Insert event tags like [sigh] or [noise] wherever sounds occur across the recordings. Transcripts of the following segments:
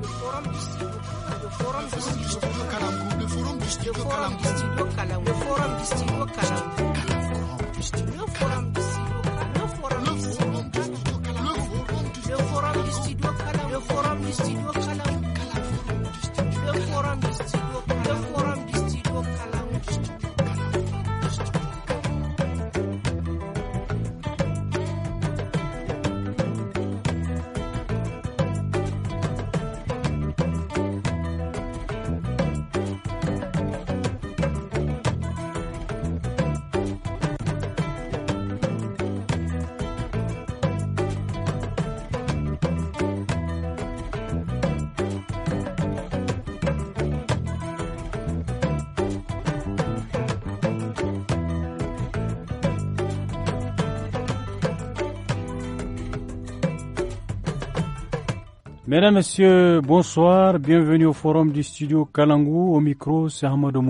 The forum district local. The forum The forum Mesdames, Messieurs, bonsoir. Bienvenue au forum du studio Kalangou. Au micro, c'est Hamadou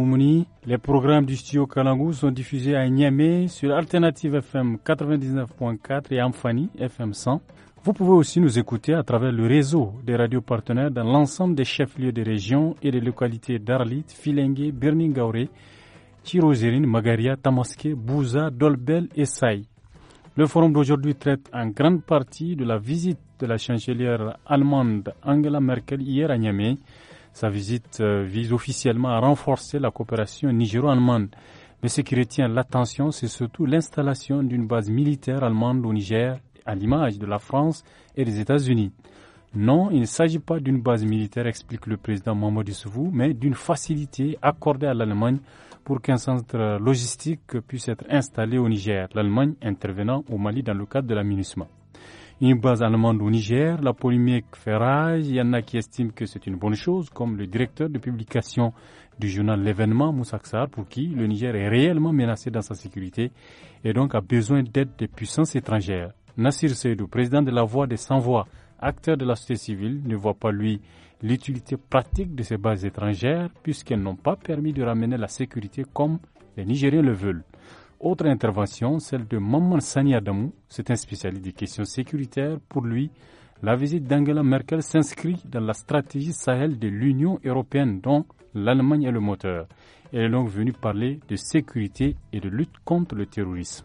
Les programmes du studio Kalangou sont diffusés à Niamey sur Alternative FM 99.4 et Amphani FM 100. Vous pouvez aussi nous écouter à travers le réseau des radios partenaires dans l'ensemble des chefs-lieux des régions et des localités d'Arlit, Filengue, Birningaure, Tirozérine, Magaria, Tamaské, Bouza, Dolbel et Saï. Le forum d'aujourd'hui traite en grande partie de la visite de la chancelière allemande Angela Merkel hier à Niamey. Sa visite euh, vise officiellement à renforcer la coopération nigéro-allemande. Mais ce qui retient l'attention, c'est surtout l'installation d'une base militaire allemande au Niger, à l'image de la France et des États-Unis. Non, il ne s'agit pas d'une base militaire, explique le président Mamadou Souvou, mais d'une facilité accordée à l'Allemagne pour qu'un centre logistique puisse être installé au Niger, l'Allemagne intervenant au Mali dans le cadre de la MINUSMA. Une base allemande au Niger, la polémique fait rage. Il y en a qui estiment que c'est une bonne chose, comme le directeur de publication du journal L'événement, Moussaksar, pour qui le Niger est réellement menacé dans sa sécurité et donc a besoin d'aide des puissances étrangères. Nassir Seydou, président de la Voix des Sans-Voix, acteur de la société civile, ne voit pas, lui, l'utilité pratique de ces bases étrangères puisqu'elles n'ont pas permis de ramener la sécurité comme les Nigériens le veulent. Autre intervention, celle de Maman Sani Adamou, c'est un spécialiste des questions sécuritaires. Pour lui, la visite d'Angela Merkel s'inscrit dans la stratégie Sahel de l'Union européenne dont l'Allemagne est le moteur. Elle est donc venue parler de sécurité et de lutte contre le terrorisme.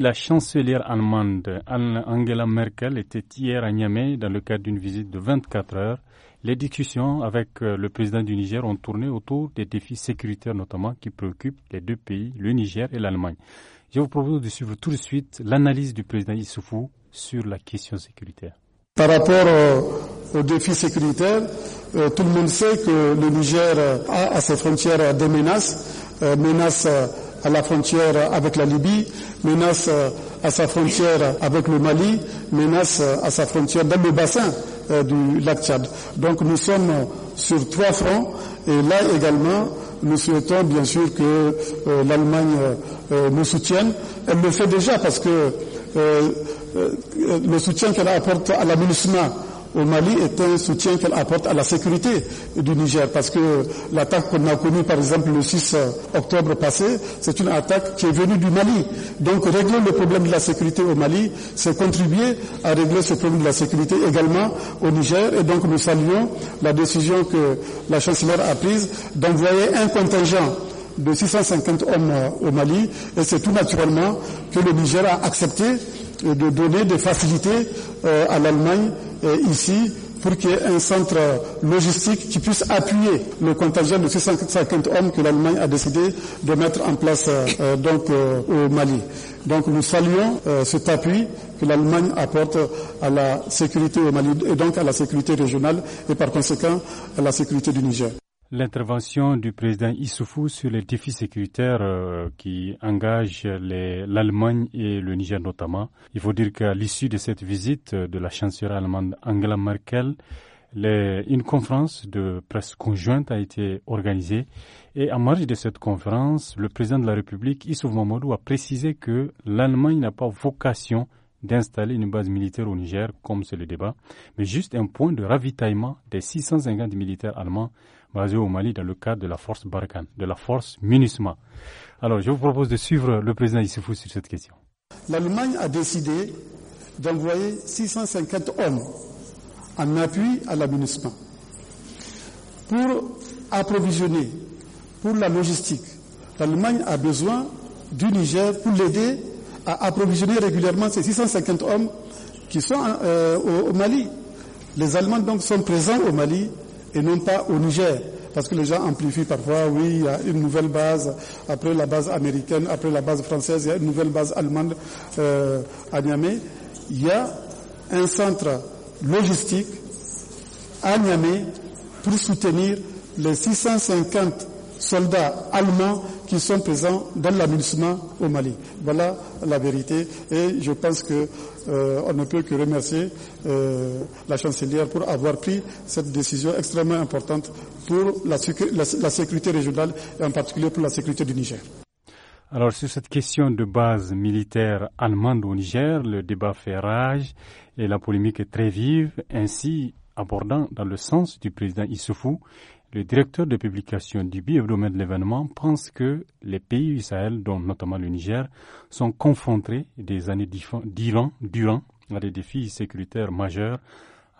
la chancelière allemande Angela Merkel était hier à Niamey dans le cadre d'une visite de 24 heures. Les discussions avec euh, le président du Niger ont tourné autour des défis sécuritaires notamment qui préoccupent les deux pays, le Niger et l'Allemagne. Je vous propose de suivre tout de suite l'analyse du président Issoufou sur la question sécuritaire. Par rapport aux défis sécuritaires, euh, tout le monde sait que le Niger a à ses frontières des menaces, euh, menaces à la frontière avec la Libye, menace euh, à sa frontière avec le Mali, menace euh, à sa frontière dans le bassin euh, du lac Tchad. Donc nous sommes sur trois fronts et là également nous souhaitons bien sûr que l'Allemagne nous soutienne. Elle le fait déjà parce que le soutien qu'elle apporte à la MINUSMA au Mali est un soutien qu'elle apporte à la sécurité du Niger. Parce que l'attaque qu'on a connue, par exemple, le 6 euh, octobre passé, c'est une attaque qui est venue du Mali. Donc régler le problème de la sécurité au Mali, c'est contribuer à régler ce problème de la sécurité également au Niger. Et donc nous saluons la décision que la chancelière a prise d'envoyer un contingent de 650 hommes euh, au Mali. Et c'est tout naturellement que le Niger a accepté de donner des facilités euh, à l'Allemagne ici pour qu'il y ait un centre logistique qui puisse appuyer le contingent de 650 hommes que l'Allemagne a décidé de mettre en place euh, euh, donc euh, au Mali. Donc nous saluons cet appui que l'Allemagne apporte à la sécurité au Mali et donc à la sécurité régionale et par conséquent à la sécurité du Niger. L'intervention du président Issoufou sur les défis sécuritaires euh, qui engagent l'Allemagne et le Niger notamment. Il faut dire qu'à l'issue de cette visite de la chancelière allemande Angela Merkel, une conférence de presse conjointe a été organisée et en marge de cette conférence, le président de la République, Issouf Mamadou, a précisé que l'Allemagne n'a pas vocation d'installer une base militaire au Niger, comme c'est le débat, mais juste un point de ravitaillement des 650 militaires allemands basé au Mali dans le cadre de la force Barkhane, de la force MINUSMA. Alors, je vous propose de suivre le président Issoufou sur cette question. L'Allemagne a décidé d'envoyer 650 hommes en appui à la MINUSMA pour approvisionner, pour la logistique. L'Allemagne a besoin du Niger pour l'aider à approvisionner régulièrement ces 650 hommes qui sont euh, au Mali. Les Allemands donc sont présents au Mali et non pas au Niger. Parce que les gens amplifient parfois, oui, il y a une nouvelle base, après la base américaine, après la base française, il y a une nouvelle base allemande euh, à Niamey. Il y a un centre logistique à Niamey pour soutenir les 650 soldats allemands qui sont présents dans l'aménagement au Mali. Voilà la vérité et je pense que euh, on ne peut que remercier euh, la chancelière pour avoir pris cette décision extrêmement importante pour la, sécurité régionale et en particulier pour la sécurité du Niger. Alors sur cette question de base militaire allemande au Niger, le débat fait rage et la polémique est très vive, ainsi abordant dans le sens du président Issoufou le directeur de publication du bi de l'événement pense que les pays du Sahel, dont notamment le Niger, sont confrontés des années durant, durant à des défis sécuritaires majeurs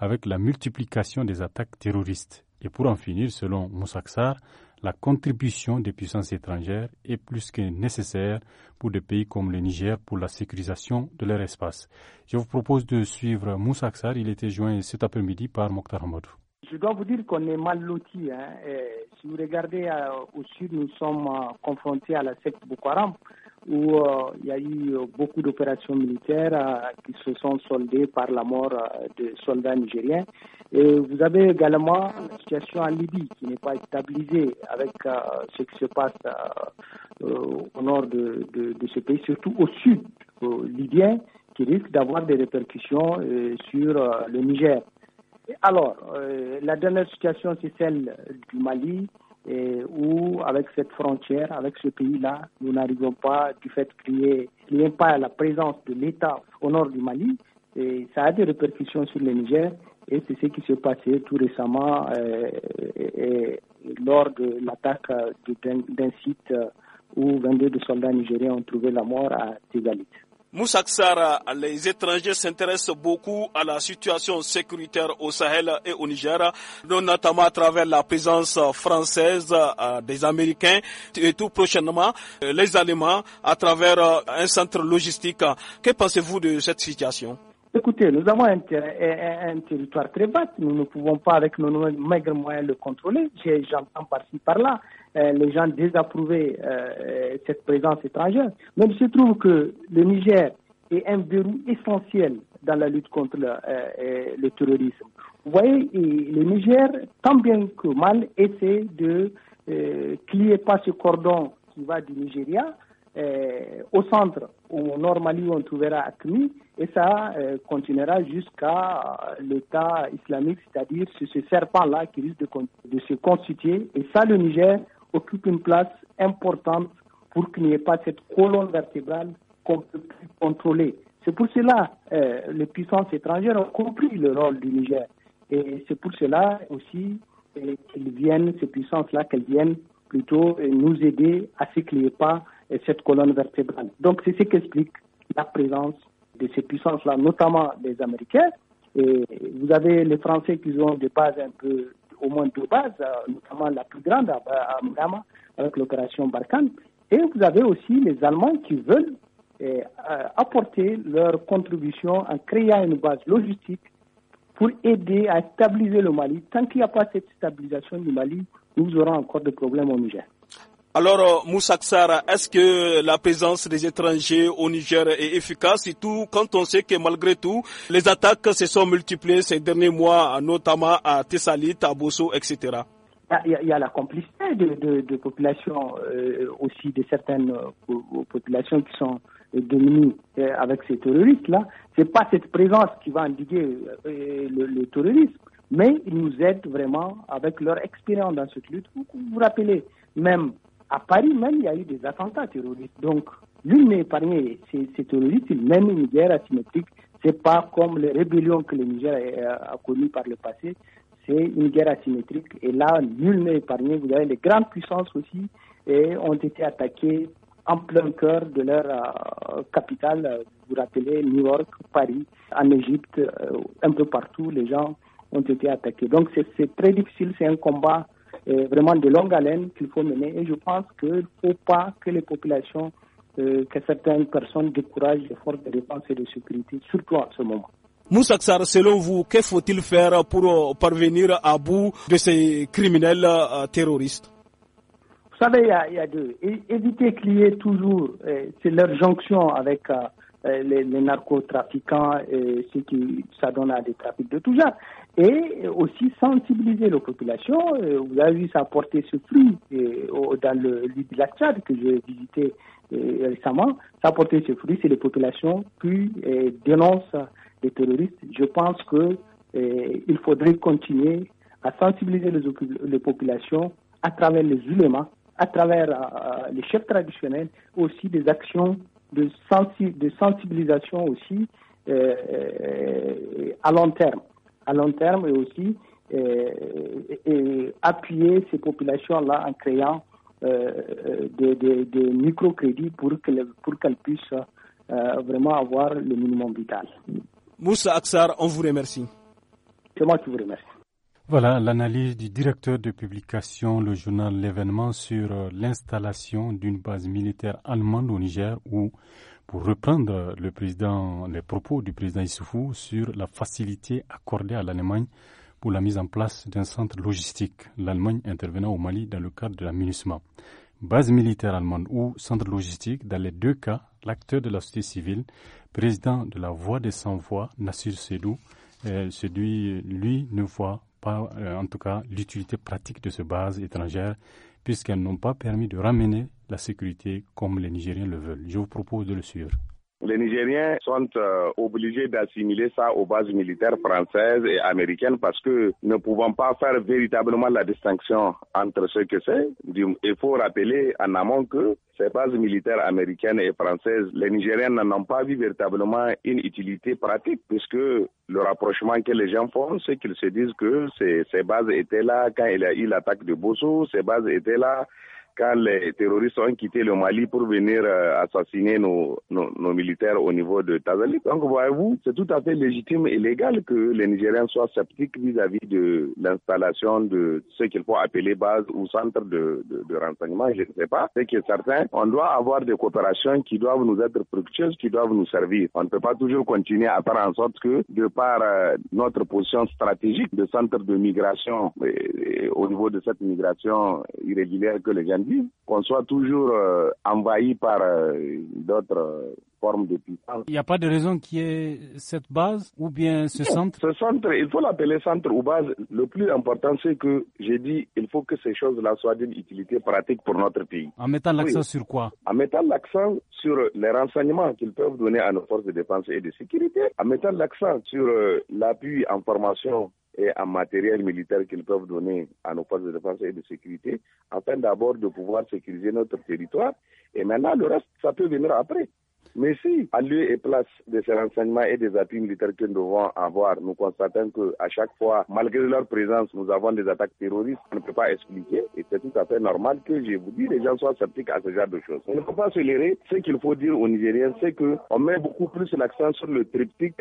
avec la multiplication des attaques terroristes. Et pour en finir, selon Moussaksar, la contribution des puissances étrangères est plus que nécessaire pour des pays comme le Niger pour la sécurisation de leur espace. Je vous propose de suivre Moussaksar. Il était joint cet après-midi par Mokhtar Hamadou je dois vous dire qu'on est mal loti. Hein. si vous regardez euh, au sud, nous sommes euh, confrontés à la secte Boko Haram, où euh, il y a eu beaucoup d'opérations militaires qui se sont soldées par la mort de soldats nigériens. Et vous avez également la situation en Libye qui n'est pas stabilisée avec ce qui se passe au nord de, ce pays, surtout au sud libyen, qui risque d'avoir des répercussions sur le Niger. Alors, euh, la dernière situation, c'est celle du Mali, où, avec cette frontière, avec ce pays-là, nous n'arrivons pas, du fait qu'il n'y ait, pas la présence de l'État au nord du Mali, et ça a des répercussions sur le Niger, et c'est ce qui s'est passé tout récemment euh, lors de l'attaque euh, d'un site où 22 soldats nigériens ont trouvé la mort à Tigalit. Moussa Ksara, les étrangers s'intéressent beaucoup à la situation sécuritaire au Sahel et au Niger, notamment à travers la présence française euh, des Américains et tout prochainement euh, les Allemands à travers euh, un centre logistique. Que pensez-vous de cette situation Écoutez, nous avons un, territoire très bas. Nous ne pouvons pas, avec nos maigres moyens, le contrôler. J'entends par-ci, par-là. Euh, les gens désapprouvaient euh, euh, cette présence étrangère. Mais il se trouve que le Niger est un verrou essentiel dans la lutte contre le, terrorisme. Vous voyez, le Niger, tant bien que mal, essaie de clier pas ce cordon qui va du Nigeria au centre, où normalement on trouvera Acme, et ça continuera jusqu'à l'État islamique, c'est-à-dire ce, serpent-là qui risque de se constituer. Et ça, le Niger occupe une place importante pour qu'il n'y ait pas cette colonne vertébrale qu'on peut plus contrôler. C'est pour cela euh, les puissances étrangères ont compris le rôle du Niger. Et c'est pour cela aussi euh, qu'elles viennent, ces puissances-là, qu'elles viennent plutôt euh, nous aider à ce qu'il n'y ait pas euh, cette colonne vertébrale. Donc c'est ce qu'explique la présence de ces puissances-là, notamment des Américains. Et vous avez les Français qui ont des bases un peu au moins deux bases, euh, notamment la plus grande à, avec l'opération Barkhane. Et vous avez aussi les Allemands qui veulent euh, euh, apporter leur contribution en créant une base logistique pour aider à stabiliser le Mali. Tant qu'il n'y a pas cette stabilisation du Mali, nous aurons encore des problèmes au Niger. Alors, euh, Moussa Ksara, est-ce que la présence des étrangers au Niger est efficace, surtout quand on sait que malgré tout, les attaques se sont multipliées ces derniers mois, notamment à Tessalit, à Bosso, etc. Il y, a, la complicité de, populations, euh, aussi de certaines euh, populations qui sont dominées avec ces terroristes-là. Ce n'est pas cette présence qui va endiguer le, le terrorisme mais ils nous aident vraiment avec leur expérience dans cette lutte. Vous vous rappelez même à Paris même, il y a eu des attentats terroristes. Donc, l'une n'est épargnée. C'est ces terroristes, même une guerre asymétrique, c'est pas comme les rébellions que le Niger a, connu euh, connues par le passé. C'est une guerre asymétrique. Et là, nul n'est épargné. Vous avez les grandes puissances aussi et ont été attaquées en plein cœur de leur euh, capitale. Vous vous rappelez, New York, Paris, en Égypte, euh, un peu partout, les gens ont été attaqués. Donc, c'est très difficile. C'est un combat euh, vraiment de longue haleine qu'il faut mener. Et je pense qu'il ne faut pas que les populations, euh, que certaines personnes découragent les forces de défense et de sécurité, surtout en ce moment. Sarr, selon vous, que faut-il faire pour euh, parvenir à bout de ces criminels terroristes Vous savez, il y, a deux. éviter qu'il y ait toujours, c'est leur jonction avec euh, les, narcotrafiquants et ceux qui s'adonnent à des trafics de tout genre. Et aussi sensibiliser la populations, euh, Vous avez vu ça porter ce fruit euh, dans le lieu de la Tchad que j'ai visité récemment. Ça porté ce fruit, c'est les populations qui dénoncent les terroristes. Je pense que il faudrait continuer à sensibiliser les, les populations à travers les éléments, à travers les chefs traditionnels, aussi des actions de, de sensibilisation aussi euh, euh, à long terme. À long terme et aussi euh, et, appuyer ces populations-là en créant des, des, microcrédits pour qu'elles pour qu'elles puissent vraiment avoir le minimum vital. Moussa Aksar, on vous remercie. C'est moi qui vous remercie. Voilà l'analyse du directeur de publication, le journal L'événement, sur euh, l'installation d'une base militaire allemande au Niger où, pour reprendre euh, le président, les propos du président Issoufou sur la facilité accordée à l'Allemagne pour la mise en place d'un centre logistique, l'Allemagne intervenant au Mali dans le cadre de la MINUSMA. Base militaire allemande ou centre logistique, dans les deux cas, l'acteur de la société civile, président de la Voix des 100 voix Nassir Sedou, euh, celui, lui, ne voit pas, euh, en tout cas, l'utilité pratique de ces bases étrangères, puisqu'elles n'ont pas permis de ramener la sécurité comme les Nigériens le veulent. Je vous propose de le suivre les Nigériens sont euh, obligés d'assimiler ça aux bases militaires françaises et américaines parce que ne pouvons pas faire véritablement la distinction entre ce que c'est. Il faut rappeler en amont que ces bases militaires américaines et françaises, les Nigériens n'en ont pas vu véritablement une utilité pratique puisque le rapprochement que les gens font, c'est qu'ils se disent que ces, ces bases étaient là quand il y a eu l'attaque de Bosso, ces bases étaient là quand les terroristes ont quitté le Mali pour venir euh, assassiner nos, nos, militaires au niveau de Tazalik. Donc, voyez-vous, c'est tout à fait légitime et légal que les Nigériens soient sceptiques vis-à-vis de l'installation de ce qu'il faut appeler base ou centre de, de, renseignement, je ne sais pas. qui est certain, on doit avoir des coopérations qui doivent nous être fructueuses, qui doivent nous servir. On ne peut pas toujours continuer à faire en sorte que, de par euh, notre position stratégique de centre de migration, au niveau de cette migration irrégulière que les gens qu'on soit toujours euh, envahi par euh, d'autres euh, formes de puissance. Il n'y a pas de raison qu'il y ait cette base ou bien ce centre Ce centre, il faut l'appeler centre ou base. Le plus important, c'est que j'ai dit, il faut que ces choses-là soient d'une utilité pratique pour notre pays. En mettant l'accent sur quoi En mettant l'accent sur les renseignements qu'ils peuvent donner à nos forces de défense et de sécurité, en mettant l'accent sur l'appui en formation et en matériel militaire qu'ils peuvent donner à nos forces de défense et de sécurité, afin d'abord de pouvoir sécuriser notre territoire. Et maintenant, le reste, ça peut venir après. Mais si, à lieu et place de ces renseignements et des appuis militaires que nous devons avoir, nous constatons que à chaque fois, malgré leur présence, nous avons des attaques terroristes. On ne peut pas expliquer, et c'est tout à fait normal que je vous dis, les gens soient sceptiques à ce genre de choses. On ne peut pas se leurrer. Ce qu'il faut dire aux Nigériens, c'est que on met beaucoup plus l'accent sur le triptyque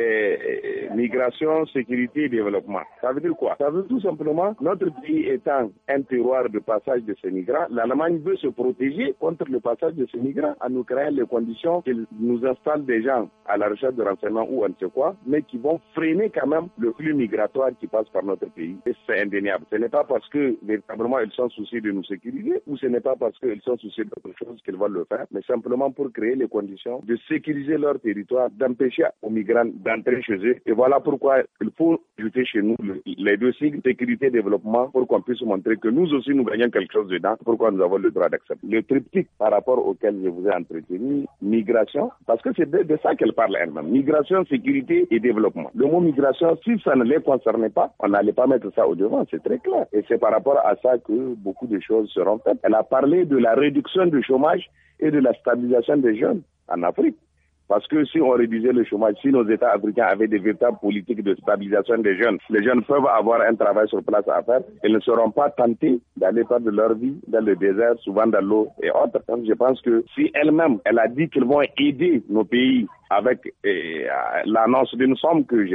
migration, sécurité et développement. Ça veut dire quoi Ça veut tout simplement, notre pays étant un terroir de passage de ces migrants, l'Allemagne veut se protéger contre le passage de ces migrants en nous créant les conditions qu'ils nous installe des gens à la recherche de renseignements ou on ne sait quoi, mais qui vont freiner quand même le flux migratoire qui passe par notre pays. Et c'est indéniable. Ce n'est pas parce que véritablement ils sont soucis de nous sécuriser ou ce n'est pas parce qu'ils sont soucis d'autre chose qu'ils vont le faire, mais simplement pour créer les conditions de sécuriser leur territoire, d'empêcher aux migrants d'entrer chez eux. Et voilà pourquoi il faut jeter chez nous les deux signes, sécurité développement pour qu'on puisse montrer que nous aussi nous gagnons quelque chose dedans, pourquoi nous avons le droit d'accepter. Le triptyque par rapport auquel je vous ai entretenu, migration, parce que c'est de, ça qu'elle parle elle-même. Migration, sécurité et développement. Le mot migration, si ça ne les concernait pas, on n'allait pas mettre ça au devant, c'est très clair. Et c'est par rapport à ça que beaucoup de choses seront faites. Elle a parlé de la réduction du chômage et de la stabilisation des jeunes en Afrique. Parce que si on réduisait le chômage, si nos États africains avaient des véritables politiques de stabilisation des jeunes, les jeunes peuvent avoir un travail sur place à faire et ne seront pas tentés d'aller perdre leur vie dans le désert, souvent dans l'eau et autres. je pense que si elle-même, elle a dit qu'ils vont aider nos pays avec euh, l'annonce d'une somme que j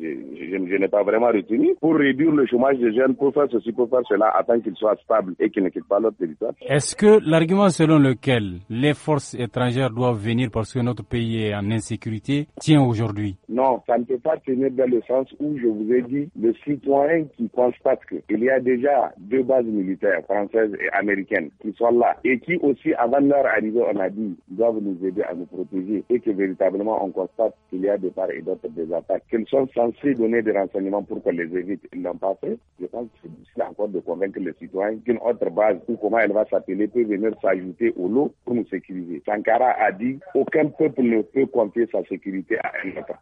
je n'ai pas vraiment retenue pour réduire le chômage des jeunes, pour faire ceci, pour faire cela, afin qu'ils soient stables et qu'ils ne quittent pas leur territoire. Est-ce que l'argument selon lequel les forces étrangères doivent venir parce que notre pays est en insécurité tient aujourd'hui Non, ça ne peut pas tenir dans le sens où je vous ai dit, le citoyen qui constate qu'il y a déjà deux bases militaires françaises et américaines qui sont là et qui aussi, avant leur arrivée, en a doivent nous aider à nous protéger et que véritablement on constate qu'il y a de part et d'autre des attaques, qu'ils sont censés donner des renseignements pour qu'on les évite, ils l'ont pas fait. Je pense que c'est difficile encore de convaincre les citoyens qu'une autre base ou comment elle va s'appeler peut venir s'ajouter au lot pour nous sécuriser. Sankara a dit aucun peuple ne peut confier sa sécurité à un autre.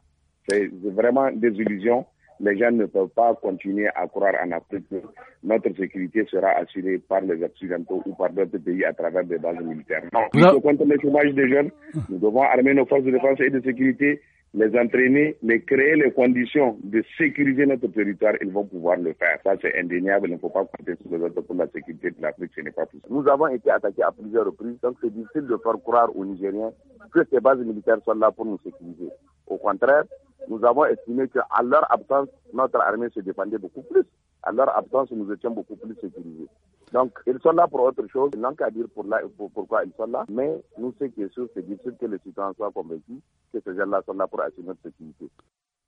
C'est vraiment des illusions les gens ne peuvent pas continuer à croire en Afrique que notre sécurité sera assurée par les Occidentaux ou par d'autres pays à travers des bases militaires. Non, ce contre le chômage des jeunes, nous devons armer nos forces de défense et de sécurité les entraîner, les créer les conditions de sécuriser notre territoire, ils vont pouvoir le faire. Ça, c'est indéniable. Il ne faut pas compter sur les autres pour la sécurité de l'Afrique. Ce n'est pas possible. Nous avons été attaqués à plusieurs reprises, donc c'est difficile de faire croire aux Nigériens que ces bases militaires sont là pour nous sécuriser. Au contraire, nous avons estimé qu'à leur absence, notre armée se dépendait beaucoup plus à leur absence, nous étions beaucoup plus sécurisés. Donc, ils sont là pour autre chose. Ils n'ont qu'à dire pour, la, pour pourquoi ils sont là. Mais nous, ce qui est sûr, c'est difficile que les citoyens soient convaincus que ces gens-là sont là pour assurer notre sécurité.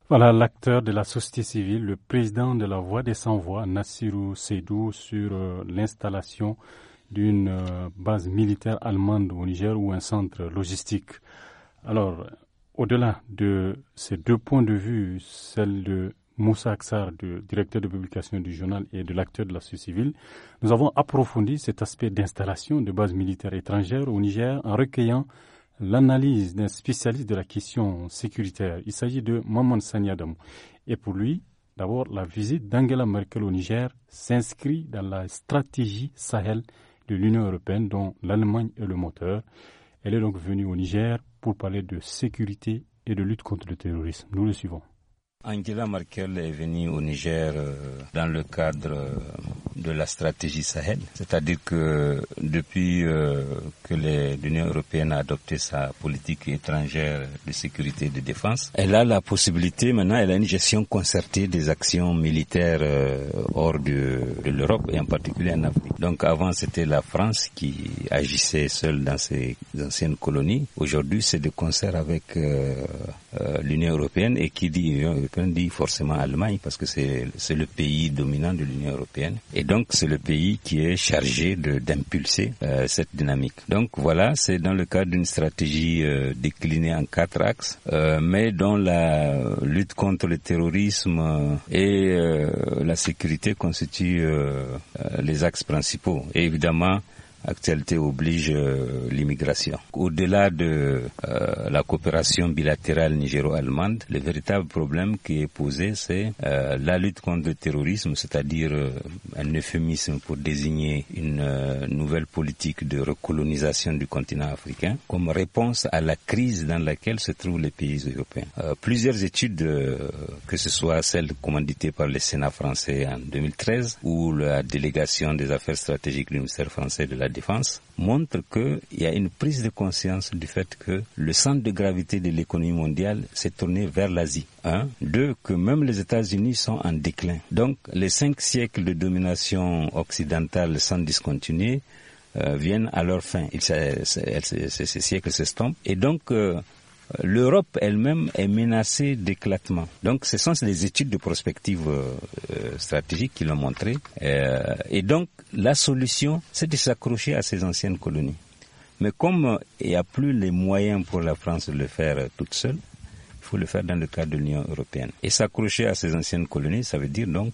Voilà l'acteur de la société civile, le président de la Voix des Sans-Voix, Nassirou Seydou, sur euh, l'installation d'une euh, base militaire allemande au Niger ou un centre logistique. Alors, au-delà de ces deux points de vue, celle de Moussa Aksar, directeur de publication du journal et de l'acteur de la société civile, nous avons approfondi cet aspect d'installation de bases militaires étrangères au Niger en recueillant l'analyse d'un spécialiste de la question sécuritaire. Il s'agit de Maman Sanyadam. Et pour lui, d'abord, la visite d'Angela Merkel au Niger s'inscrit dans la stratégie Sahel de l'Union européenne dont l'Allemagne est le moteur. Elle est donc venue au Niger pour parler de sécurité et de lutte contre le terrorisme. Nous le suivons. Angela Merkel est venue au Niger euh, dans le cadre euh, de la stratégie Sahel, c'est-à-dire que depuis euh, que l'Union européenne a adopté sa politique étrangère de sécurité et de défense, elle a la possibilité maintenant, elle a une gestion concertée des actions militaires hors de, l'Europe et en particulier en Afrique. Donc avant c'était la France qui agissait seule dans ses anciennes colonies. Aujourd'hui c'est de concert avec l'Union européenne et qui dit Union dit forcément Allemagne parce que c'est le pays dominant de l'Union européenne. Et donc c'est le pays qui est chargé d'impulser euh, cette dynamique. Donc voilà, c'est dans le cadre d'une stratégie euh, déclinée en quatre axes, euh, mais dont la lutte contre le terrorisme et la sécurité constituent les axes principaux. Et évidemment, actualité oblige euh, l'immigration. Au-delà de euh, la coopération bilatérale nigéro-allemande, le véritable problème qui est posé, c'est euh, la lutte contre le terrorisme, c'est-à-dire un euphémisme pour désigner une nouvelle politique de recolonisation du continent africain, comme réponse à la crise dans laquelle se trouvent les pays européens. plusieurs études, que ce soit celle commanditée par le Sénat français en 2013 ou la délégation des affaires stratégiques du ministère français de la France montre qu'il y a une prise de conscience du fait que le centre de gravité de l'économie mondiale s'est tourné vers l'Asie. Un. Hein. Deux, que même les États-Unis sont en déclin. Donc les cinq siècles de domination occidentale sans discontinuer euh, viennent à leur fin. ces, ces siècles s'estompent. Et donc euh, l'Europe elle-même est menacée d'éclatement. Donc ce sont les études de prospective euh, euh, stratégique qui l'ont montré. Euh, et donc la solution, c'est de s'accrocher à ces anciennes colonies. Mais comme il n'y a plus les moyens pour la France de le faire toute seule, il faut le faire dans le cadre de l'Union européenne. Et s'accrocher à ces anciennes colonies, ça veut dire donc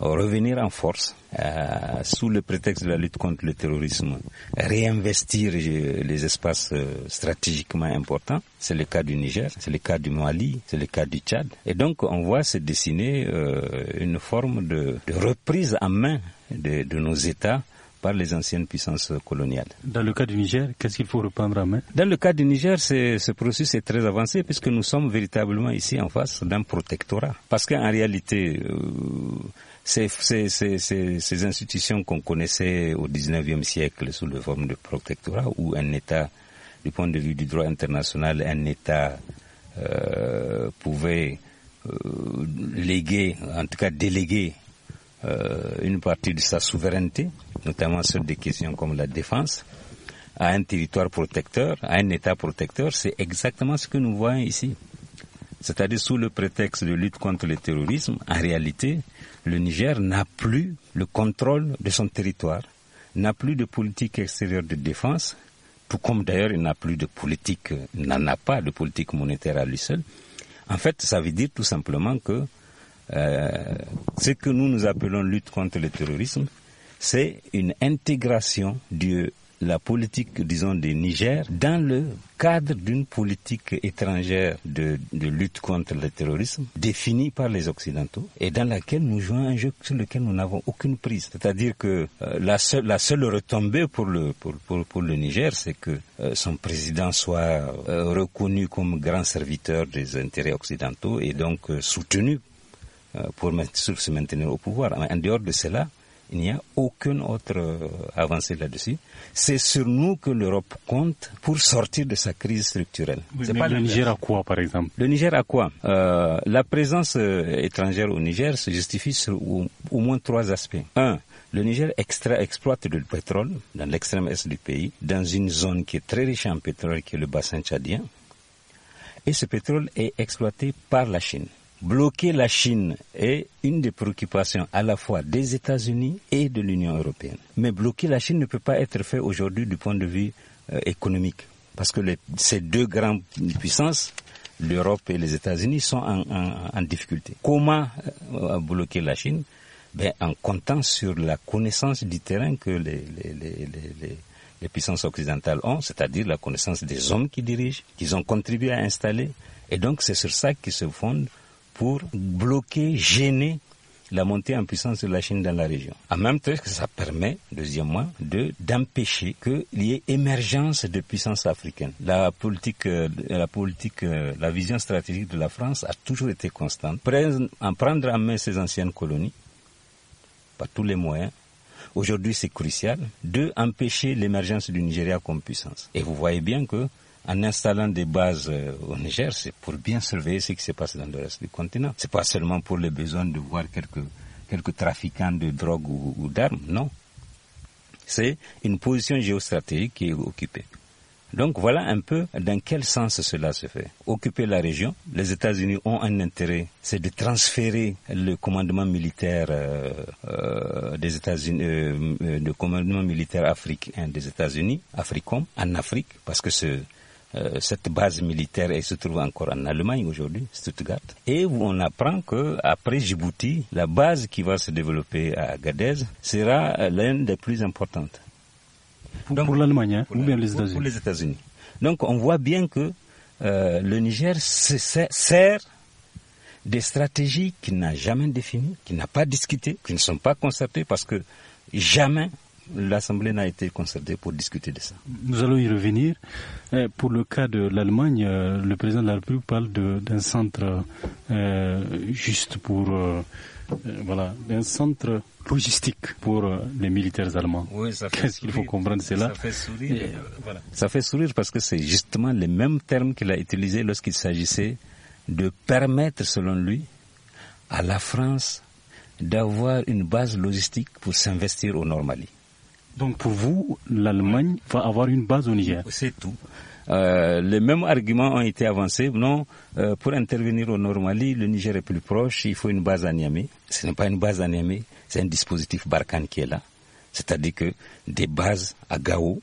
revenir en force euh, sous le prétexte de la lutte contre le terrorisme, réinvestir euh, les espaces euh, stratégiquement importants. C'est le cas du Niger, c'est le cas du Mali, c'est le cas du Tchad. Et donc on voit se dessiner euh, une forme de, de, reprise en main de, de nos États par les anciennes puissances coloniales. Dans le cas du Niger, qu'est-ce qu'il faut reprendre en main Dans le cas du Niger, ce processus est très avancé puisque nous sommes véritablement ici en face d'un protectorat. Parce qu'en réalité, euh, ces, institutions qu'on connaissait au 19e siècle sous la forme de protectorat où un État, du point de vue du droit international, un État euh, pouvait euh, léguer, en tout cas déléguer euh, une partie de sa souveraineté, notamment sur des questions comme la défense, à un territoire protecteur, à un État protecteur, c'est exactement ce que nous voyons ici. C'est-à-dire sous le prétexte de lutte contre le terrorisme, en réalité, le Niger n'a plus le contrôle de son territoire, n'a plus de politique extérieure de défense, tout comme d'ailleurs il n'a plus de politique, n'en a pas de politique monétaire à lui seul. En fait, ça veut dire tout simplement que euh, ce que nous nous appelons lutte contre le terrorisme, c'est une intégration du la politique, disons, du Niger dans le cadre d'une politique étrangère de, de, lutte contre le terrorisme définie par les Occidentaux et dans laquelle nous jouons un jeu sur lequel nous n'avons aucune prise. C'est-à-dire que euh, la, seule, la seule retombée pour le, pour, pour, pour le Niger, c'est que euh, son président soit euh, reconnu comme grand serviteur des intérêts occidentaux et donc soutenu pour se maintenir au pouvoir. En dehors de cela, il n'y a aucune autre euh, avancée là-dessus. C'est sur nous que l'Europe compte pour sortir de sa crise structurelle. C'est pas le Niger à quoi, par exemple Le Niger à quoi euh, La présence euh, étrangère au Niger se justifie sur au, moins trois aspects. Un, le Niger extra exploite du pétrole dans l'extrême est du pays, dans une zone qui est très riche en pétrole, qui est le bassin tchadien. Et ce pétrole est exploité par la Chine bloquer la Chine est une des préoccupations à la fois des États-Unis et de l'Union européenne. Mais bloquer la Chine ne peut pas être fait aujourd'hui du point de vue euh, économique, parce que ces deux grandes puissances, l'Europe et les États-Unis, sont en, difficulté. Comment euh, bloquer la Chine ben, En comptant sur la connaissance du terrain que les, les, les puissances occidentales ont, c'est-à-dire la connaissance des hommes qui dirigent, qu'ils ont contribué à installer. Et donc c'est sur ça qu'ils se fondent pour bloquer, gêner la montée en puissance de la Chine dans la région. En même temps, que ça permet, deuxièmement, de d'empêcher qu'il y ait émergence de puissance africaine. La politique, euh, la politique, euh, la vision stratégique de la France a toujours été constante. Prendre, en prendre en main ses anciennes colonies par tous les moyens. Aujourd'hui, c'est crucial de empêcher l'émergence du Nigeria comme puissance. Et vous voyez bien que en installant des bases euh, au Niger, c'est pour bien surveiller ce qui se passe dans le reste du continent. C'est pas seulement pour les besoins de voir quelques, quelques trafiquants de drogue ou, d'armes, non. C'est une position géostratégique qui est occupée. Donc voilà un peu dans quel sens cela se fait. Occuper la région, les États-Unis ont un intérêt, c'est de transférer le commandement militaire euh, euh, des États-Unis, euh, le commandement militaire africain des États-Unis, Africom, en Afrique, parce que ce, euh, cette base militaire se trouve encore en Allemagne aujourd'hui, Stuttgart. Et où on apprend que après Djibouti, la base qui va se développer à Agadez sera l'une des plus importantes. Donc, pour l'Allemagne hein, ou bien les États-Unis. Donc on voit bien que euh, le Niger se sert des stratégies qu'il n'a jamais définies, qu'il n'a pas discutées, qui ne sont pas concertées parce que jamais l'Assemblée n'a été concertée pour discuter de ça. Nous allons y revenir. Euh, pour le cas de l'Allemagne, euh, le président de la République parle d'un centre euh, juste pour voilà, d'un centre logistique pour les militaires allemands. Oui, Qu'est-ce qu'il faut comprendre cela Ça fait sourire. Ça fait sourire parce que c'est justement les mêmes termes qu'il a utilisé lorsqu'il s'agissait de permettre, selon lui, à la France d'avoir une base logistique pour s'investir au Nord donc pour vous, l'Allemagne va avoir une base au Niger C'est tout. Euh, les mêmes arguments ont été avancés. Non, euh, pour intervenir au Normandie, le Niger est plus proche, il faut une base à Niamey. Ce n'est pas une base à Niamey, c'est un dispositif Barkhane qui est là. C'est-à-dire que des bases à Gao,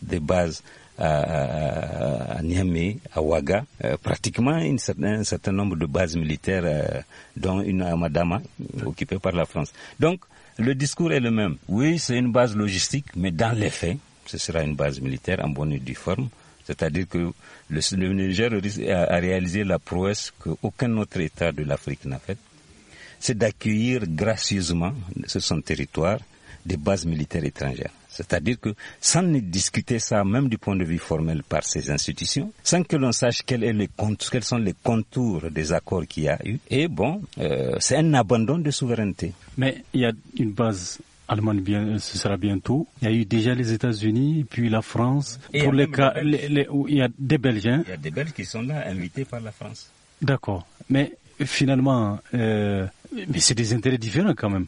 des bases à, Niamey, à Ouaga, euh, pratiquement certain, un certain nombre de bases militaires, euh, dont une à Madama, occupée par la France. Donc, le discours est le même. Oui, c'est une base logistique, mais dans les faits, ce sera une base militaire en bonne et due forme. C'est-à-dire que le, Niger a réalisé la prouesse qu'aucun autre État de l'Afrique n'a faite. C'est d'accueillir gracieusement sur son territoire des bases militaires étrangères. C'est-à-dire que sans discuter ça, même du point de vue formel par ces institutions, sans que l'on sache quel est quels sont les contours des accords qu'il y a eu, et bon, euh, c'est un abandon de souveraineté. Mais il y a une base allemande, bien, ce sera bientôt. Il y a eu déjà les États-Unis, puis la France. pour les cas, les, il y a des Belges. Il y a des Belges qui sont là, invités par la France. D'accord. Mais finalement, euh, mais c'est des intérêts différents quand même.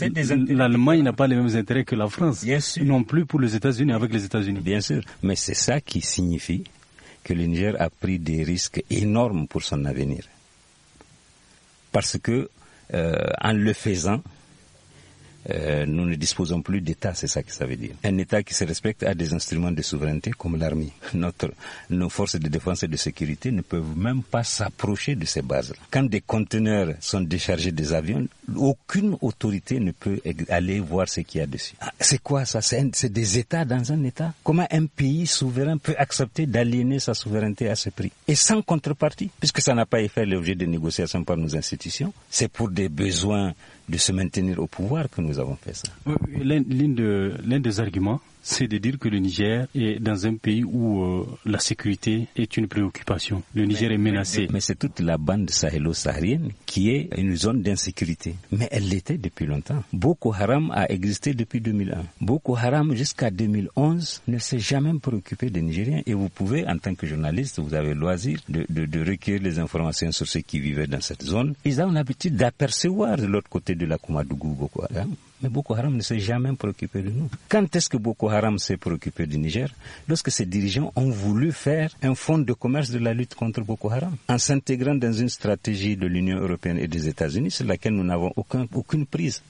L'Allemagne n'a pas les mêmes intérêts que la France. Non plus pour les États-Unis, avec les États-Unis. Bien sûr. Mais c'est ça qui signifie que le Niger a pris des risques énormes pour son avenir. Parce que, euh, en le faisant, euh, nous ne disposons plus d'État, c'est ça que ça veut dire. Un État qui se respecte a des instruments de souveraineté comme l'armée. [laughs] Notre, nos forces de défense et de sécurité ne peuvent même pas s'approcher de ces bases-là. Quand des conteneurs sont déchargés des avions, aucune autorité ne peut aller voir ce qu'il y a dessus. Ah, c'est quoi ça C'est des États dans un État Comment un pays souverain peut accepter d'aliéner sa souveraineté à ce prix Et sans contrepartie, puisque ça n'a pas fait l'objet de négociations par nos institutions, c'est pour des besoins de se maintenir au pouvoir que nous avons fait ça. Euh, l'un des arguments c'est de dire que le Niger est dans un pays où euh, la sécurité est une préoccupation. Le Niger est menacé. Mais, c'est toute la bande sahélo-saharienne qui est une zone d'insécurité. Mais elle l'était depuis longtemps. Boko Haram a existé depuis 2001. Boko Haram, jusqu'à 2011, ne s'est jamais préoccupé des Nigériens. Et vous pouvez, en tant que journaliste, vous avez le loisir de, de recueillir les informations sur ceux qui vivaient dans cette zone. Ils ont l'habitude d'apercevoir de l'autre côté de la Koumadougou Boko Haram. Mais Boko Haram ne s'est jamais préoccupé de nous. Quand est-ce que Boko Haram s'est préoccupé du Niger Lorsque ses dirigeants ont voulu faire un fonds de commerce de la lutte contre Boko Haram, en s'intégrant dans une stratégie de l'Union européenne et des États-Unis sur laquelle nous n'avons aucune prise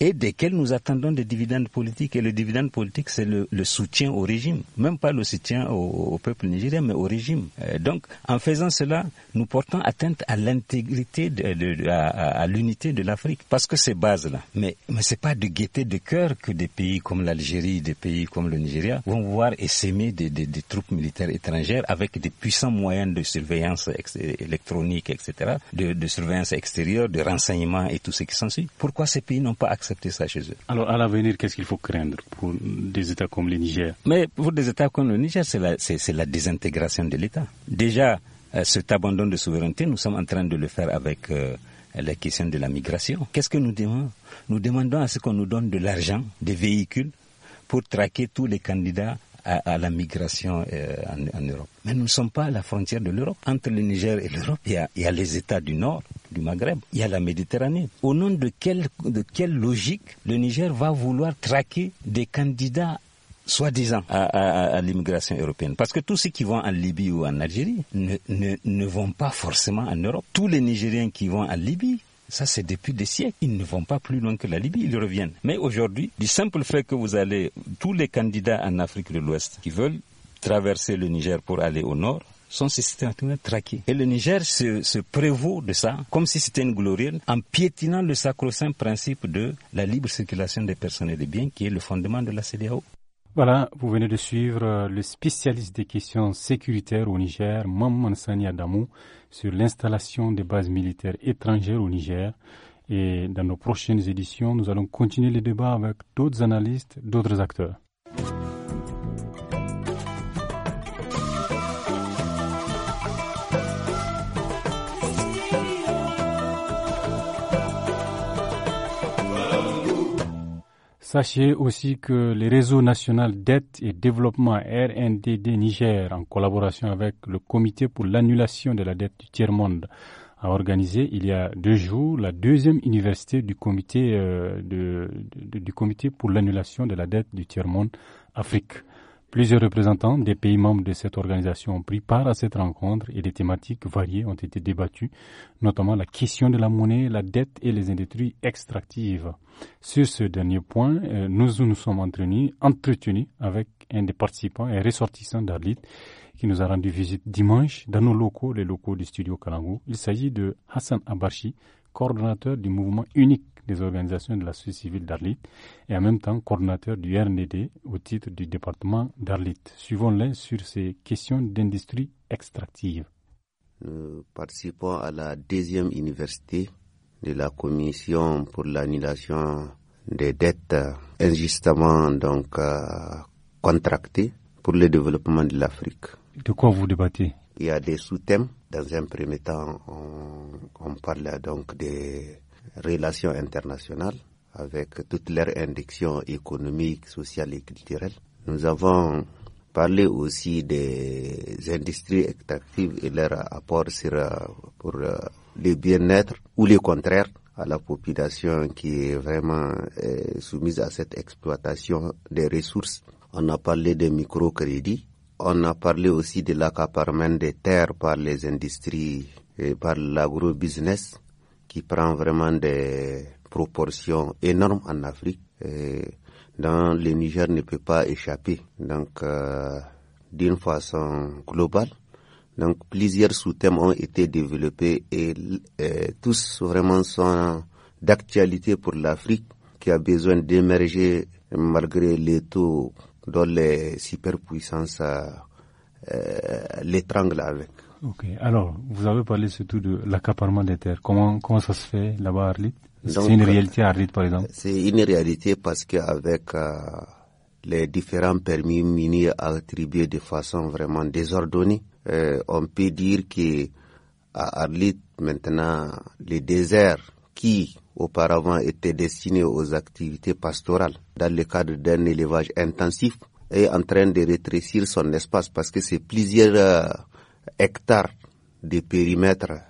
et desquels nous attendons des dividendes politiques. Et le dividende politique, c'est le, le, soutien au régime, même pas le soutien au, peuple nigérien, mais au régime. Euh, donc, en faisant cela, nous portons atteinte à l'intégrité, de, de, à, à l'unité de l'Afrique, parce que ces bases-là. Mais, mais c'est pas de gaieté de cœur que des pays comme l'Algérie, des pays comme le Nigeria vont voir et des, des, des troupes militaires étrangères avec des puissants moyens de surveillance électronique, etc., de, de surveillance extérieure, de renseignement et tout ce qui s'ensuit. Pourquoi ces pays n'ont pas accès chez Alors, à l'avenir, qu'est-ce qu'il faut craindre pour des États comme le Niger Mais pour des États comme le Niger, c'est la, désintégration de l'État. Déjà, euh, cet abandon de souveraineté, nous sommes en train de le faire avec euh, la question de la migration. Qu'est-ce que nous demandons Nous demandons à ce qu'on nous donne de l'argent, des véhicules, pour traquer tous les candidats à, la migration euh, en, Europe. Mais nous ne sommes pas à la frontière de l'Europe. Entre le Niger et l'Europe, il, y a les États du Nord, du Maghreb, il y a la Méditerranée. Au nom de quelle, de quelle logique le Niger va vouloir traquer des candidats soi-disant à, l'immigration européenne. Parce que tous ceux qui vont en Libye ou en Algérie ne, ne, ne vont pas forcément en Europe. Tous les Nigériens qui vont en Libye ça, c'est depuis des siècles. Ils ne vont pas plus loin que la Libye, ils reviennent. Mais aujourd'hui, du simple fait que vous allez, tous les candidats en Afrique de l'Ouest qui veulent traverser le Niger pour aller au nord, sont systématiquement traqués. Et le Niger se, prévaut de ça, comme si c'était une glorieuse, en piétinant le sacro-saint principe de la libre circulation des personnes et des biens, qui est le fondement de la CDAO. Voilà, vous venez de suivre euh, le spécialiste des questions sécuritaires au Niger, Mamman Sani Adamou, sur l'installation des bases militaires étrangères au Niger. Et dans nos prochaines éditions, nous allons continuer les débats avec d'autres analystes, d'autres acteurs. Sachez aussi que le réseau national Dette et développement RNDD Niger, en collaboration avec le comité pour l'annulation de la dette du tiers-monde, a organisé il y a deux jours la deuxième université du comité, euh, du comité pour l'annulation de la dette du tiers-monde Afrique. Plusieurs représentants des pays membres de cette organisation ont pris part à cette rencontre et des thématiques variées ont été débattues, notamment la question de la monnaie, la dette et les industries extractives. Sur ce dernier point, euh, nous nous sommes entretenus, avec un des participants et ressortissant d'Arlit qui nous a rendu visite dimanche dans nos locaux, les locaux du studio Kalango. Il s'agit de Hassan Abarchi, coordonnateur du mouvement unique des organisations de la société civile d'Arlit et en même temps coordinateur du RND au titre du département d'Arlit. Suivons-les sur ces questions d'industrie extractive. Nous participons à la deuxième université de la Commission pour l'annulation des dettes injustement donc euh, contractées pour le développement de l'Afrique. De quoi vous débattez Il y a des sous-thèmes. Dans un premier temps, on, on parle donc des relations internationales avec toutes leurs induction économiques sociales et culturelles Nous avons parlé aussi des industries extractives et leur apport sur, euh, pour euh, le bien-être ou le contraire à la population qui est vraiment euh, soumise à cette exploitation des ressources. On a parlé des microcrédits. On a parlé aussi de l'accaparement des terres par les industries et par l'agro-business qui prend vraiment des proportions énormes en Afrique. Et dans le Niger ne peut pas échapper. Donc, euh, d'une façon globale, donc plusieurs sous-thèmes ont été développés et tous vraiment sont d'actualité pour l'Afrique qui a besoin d'émerger malgré les taux dont les superpuissances euh, l'étranglent avec. Ok. Alors, vous avez parlé surtout de l'accaparement des terres. Comment, comment ça se fait là-bas à Arlit C'est une réalité à Arlit, par exemple C'est une réalité parce qu'avec euh, les différents permis miniers attribués de façon vraiment désordonnée, euh, on peut dire que à Arlit, maintenant, les déserts qui auparavant étaient destinés aux activités pastorales dans le cadre d'un élevage intensif est en train de rétrécir son espace parce que c'est plusieurs euh, hectares de périmètres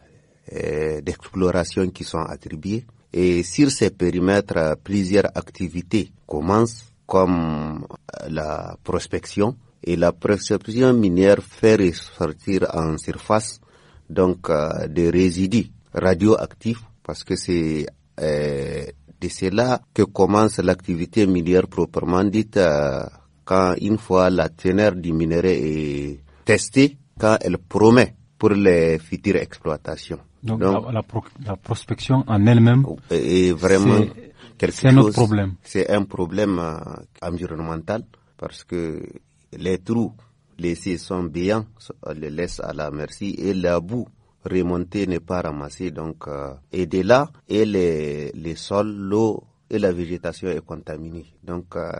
euh, d'exploration qui sont attribués. Et sur ces périmètres, plusieurs activités commencent, comme euh, la prospection. Et la prospection minière fait ressortir en surface donc euh, des résidus radioactifs, parce que c'est euh, de cela que commence l'activité minière proprement dite, quand une fois la teneur du minerai est testée, elle promet pour les futures exploitations. Donc, la, prospection en elle-même oh, est eh, eh, vraiment quelque chose. C'est problème. C'est un problème euh, environnemental parce que les trous laissés sont bien, les laisse à la merci et la boue remontée n'est pas ramassée. Donc, euh, et de là, et les, les sols, l'eau et la végétation est contaminée. Donc, euh,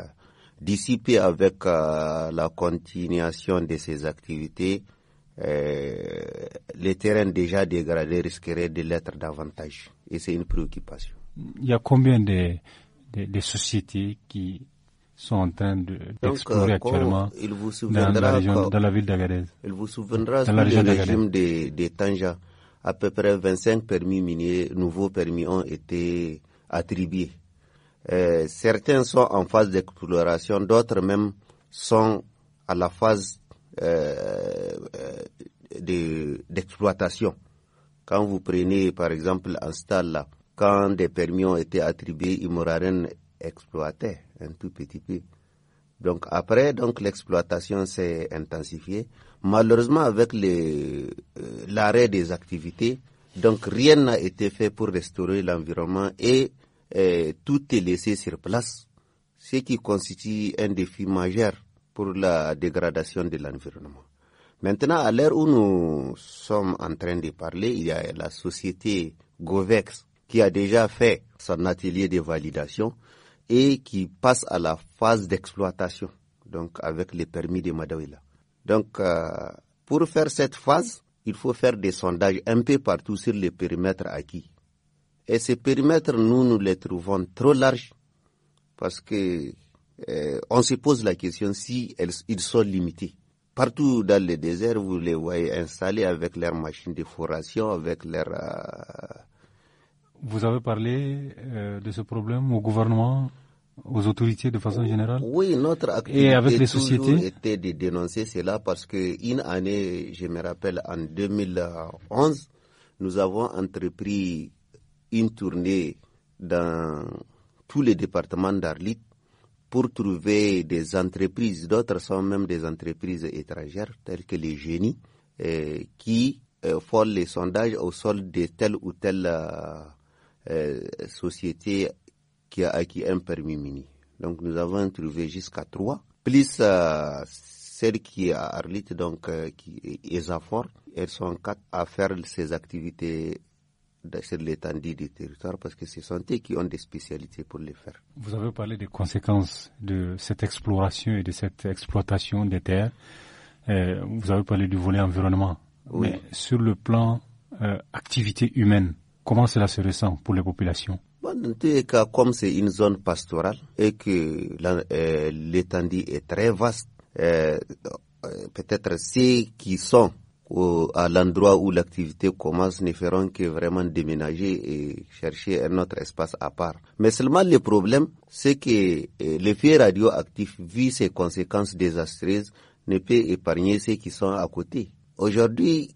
dissiper avec euh, la continuation de ces activités, euh, les terrains déjà dégradés risqueraient de l'être davantage. Et c'est une préoccupation. Il y a combien de, sociétés qui sont en train d'explorer de, actuellement il vous dans, la région, dans la ville d'Agadez Il vous souviendra dans la région le régime des, des À peu près 25 permis miniers, nouveaux permis ont été attribués. Euh, certains sont en phase d'exploration, d'autres même sont à la phase euh, euh, d'exploitation. quand vous prenez par exemple un stade là, quand des permis ont été attribués, rien exploitait un tout petit peu. Donc après, donc l'exploitation s'est intensifiée. Malheureusement, avec euh, l'arrêt des activités, donc rien n'a été fait pour restaurer l'environnement et, et tout est laissé sur place, ce qui constitue un défi majeur pour la dégradation de l'environnement. Maintenant, à l'heure où nous sommes en train de parler, il y a la société Govex qui a déjà fait son atelier de validation et qui passe à la phase d'exploitation, donc avec les permis de Madawila. Donc, euh, pour faire cette phase, il faut faire des sondages un peu partout sur les périmètres acquis. Et ces périmètres, nous, nous les trouvons trop larges parce que euh, on se pose la question si ils sont limités. Partout dans le désert, vous les voyez installés avec leurs machines de foration, avec leurs... Euh, vous avez parlé euh, de ce problème au gouvernement, aux autorités de façon générale Oui, notre activité était de dénoncer cela parce qu'une année, je me rappelle, en 2011, nous avons entrepris une tournée dans tous les départements d'Arlit pour trouver des entreprises, d'autres sont même des entreprises étrangères, telles que les génies, euh, qui euh, font les sondages au sol de telle ou telle euh, société qui a acquis un permis mini. Donc nous avons trouvé jusqu'à trois, plus celles qui a à Arlite, donc qui est fort Elles sont quatre à faire ces activités sur l'étendue du territoire parce que c'est santé qui ont des spécialités pour le faire. Vous avez parlé des conséquences de cette exploration et de cette exploitation des terres. Euh, vous avez parlé du volet environnement. Mais sur le plan euh, activité humaine, comment cela se ressent pour les populations bon, comme c'est une zone pastorale et que euh, l'étendue est très vaste, peut-être ceux qui sont au, à l'endroit où l'activité commence ne feront que vraiment déménager et chercher un autre espace à part. Mais seulement le problème, c'est que euh, le radioactif, vu ses conséquences désastreuses, ne peut épargner ceux qui sont à côté. Aujourd'hui,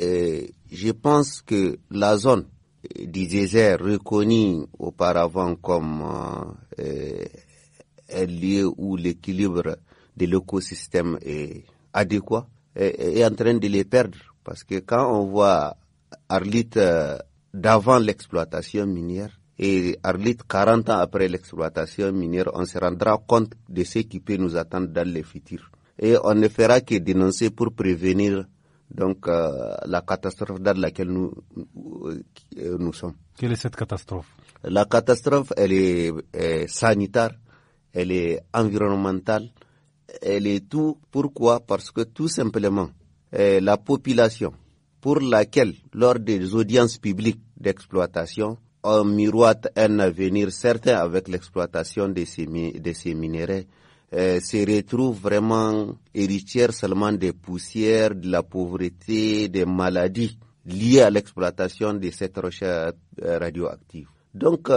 euh, je pense que la zone euh, du désert reconnue auparavant comme euh, un lieu où l'équilibre de l'écosystème est adéquat est, en train de les perdre. Parce que quand on voit Arlite euh, d'avant l'exploitation minière et Arlite 40 ans après l'exploitation minière, on se rendra compte de ce qui peut nous attendre dans le futur. Et on ne fera que dénoncer pour prévenir donc euh, la catastrophe dans laquelle nous, euh, nous sommes. Quelle est cette catastrophe La catastrophe, elle est sanitaire, elle est environnementale, elle est tout. Pourquoi Parce que tout simplement, eh, la population pour laquelle, lors des audiences publiques d'exploitation, on miroite un avenir certain avec l'exploitation de ces, de ces minéraux, eh, se retrouve vraiment héritière seulement des poussières, de la pauvreté, des maladies liées à l'exploitation de cette recherche eh, radioactive. Donc,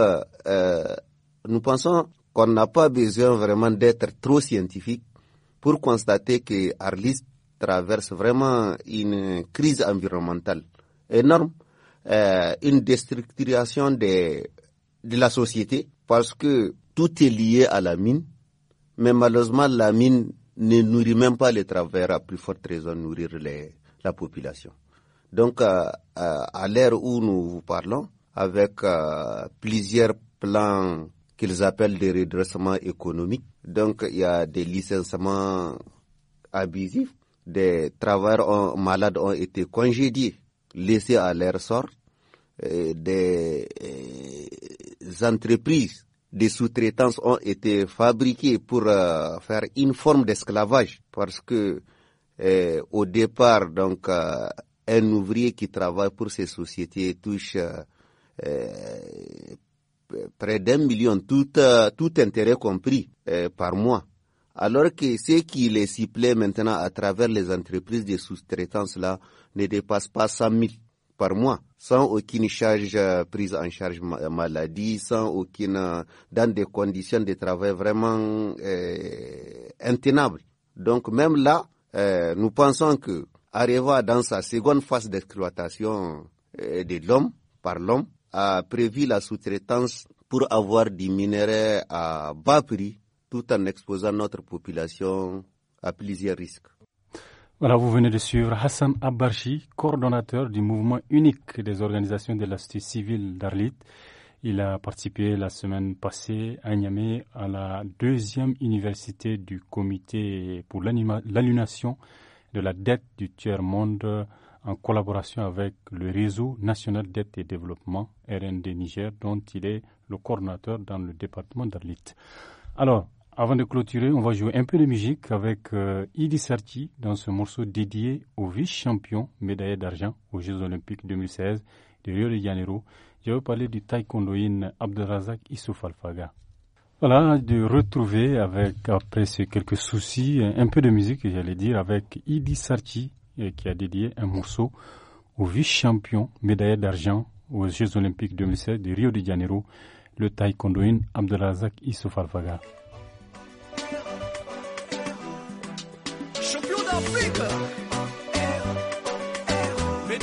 nous pensons qu'on n'a pas besoin vraiment d'être trop scientifique pour constater que Arlis traverse vraiment une crise environnementale énorme, euh, une destructuration de, de la société, parce que tout est lié à la mine, mais malheureusement la mine ne nourrit même pas les travailleurs, à plus forte raison nourrir les, la population. Donc, euh, euh, à l'ère où nous vous parlons, avec plusieurs plans qu'ils appellent des redressements économiques. Donc, il y a des licenciements abusifs. Des travailleurs malades ont été congédiés, laissés à leur sort. des euh, entreprises des sous-traitances ont été fabriquées pour euh, faire une forme d'esclavage parce que euh, au départ donc euh, un ouvrier qui travaille pour ces sociétés touche près d'un million, tout, euh, tout intérêt compris euh, par mois. Alors que ce qui les plaît maintenant à travers les entreprises de sous-traitance là ne dépasse pas 100 000 par mois, sans aucune charge euh, prise en charge maladie, sans aucune, dans des conditions de travail vraiment intenables. Donc même là, nous pensons que arriver dans sa seconde phase d'exploitation de l'homme par l'homme, a prévu la sous-traitance pour avoir du minerai à bas prix tout en exposant notre population à plusieurs risques. Voilà, vous venez de suivre Hassan Abarchi, coordonnateur du mouvement unique des organisations de la société civile d'Arlit. Il a participé la semaine passée à Niamey à la deuxième université du comité pour l'annulation de la dette du tiers-monde en collaboration avec le Réseau national d'aide et développement RND Niger, dont il est le coordonnateur dans le département d'Arlit. Alors, avant de clôturer, on va jouer un peu de musique avec euh, Idi Sarti dans ce morceau dédié au vice-champion médaillé d'argent aux Jeux Olympiques 2016 de Rio de Janeiro. Je vais parler du taekwondoïne Abdelrazak Issouf Alfaga. Voilà, de retrouver avec, après ces quelques soucis, un peu de musique, j'allais dire, avec Idi Sarti qui a dédié un morceau au vice-champion médaillé d'argent aux Jeux Olympiques 2016 de Rio de Janeiro, le taekwondoïne Abdelazak Issoufalfaga. Champion d'Afrique eh, eh,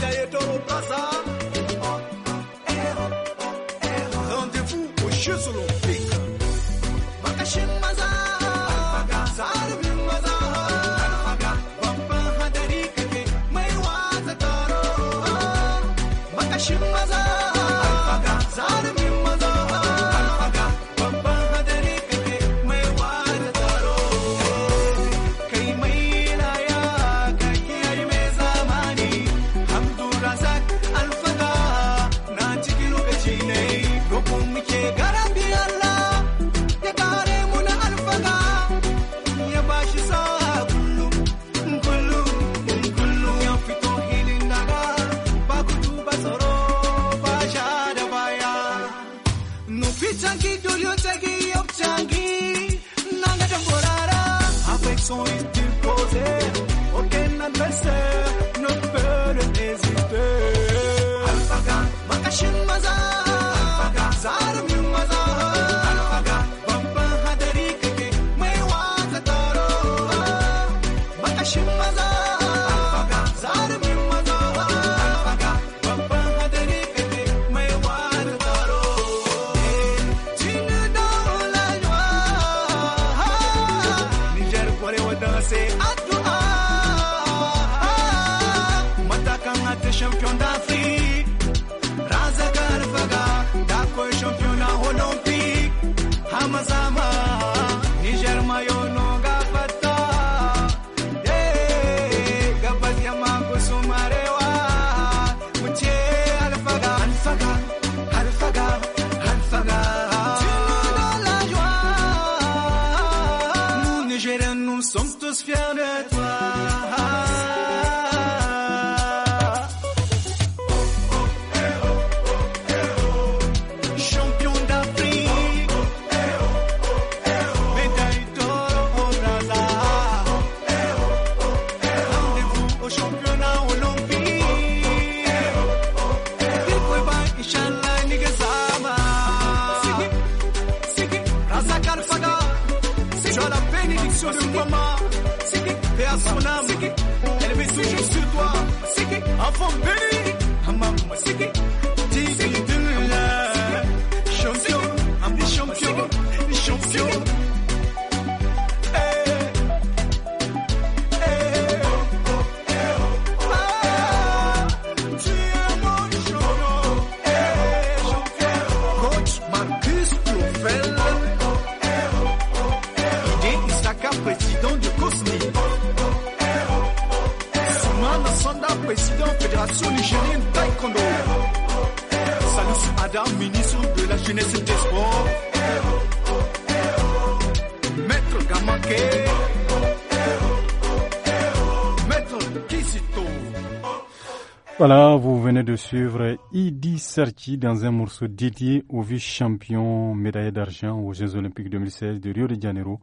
suivre Idi Sarki dans un morceau dédié au vice-champion médaillé d'argent aux Jeux Olympiques 2016 de Rio de Janeiro,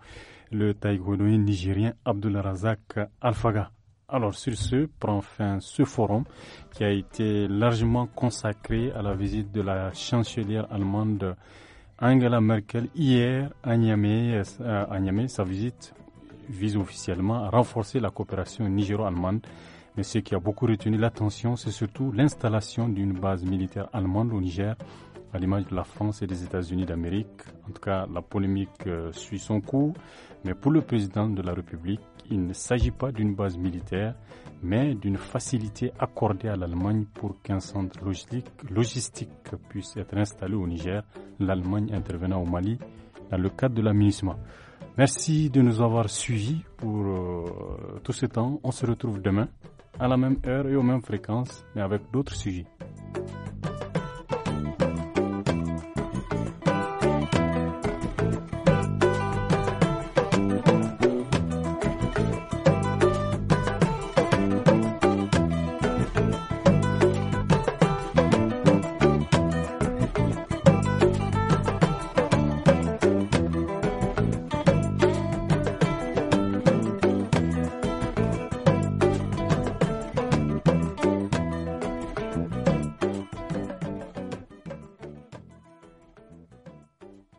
le taïwanais nigérien Razak Alfaga. Alors sur ce, prend fin ce forum qui a été largement consacré à la visite de la chancelière allemande Angela Merkel hier à euh, à Niamey sa visite vise officiellement à renforcer la coopération nigéro-allemande mais ce qui a beaucoup retenu l'attention, c'est surtout l'installation d'une base militaire allemande au Niger, à l'image de la France et des États-Unis d'Amérique. En tout cas, la polémique euh, suit son cours, mais pour le président de la République, il ne s'agit pas d'une base militaire, mais d'une facilité accordée à l'Allemagne pour qu'un centre logistique, puisse être installé au Niger, l'Allemagne intervenant au Mali dans le cadre de la Merci de nous avoir suivis pour euh, tout ce temps. On se retrouve demain à la même heure et aux mêmes fréquences, mais avec d'autres sujets.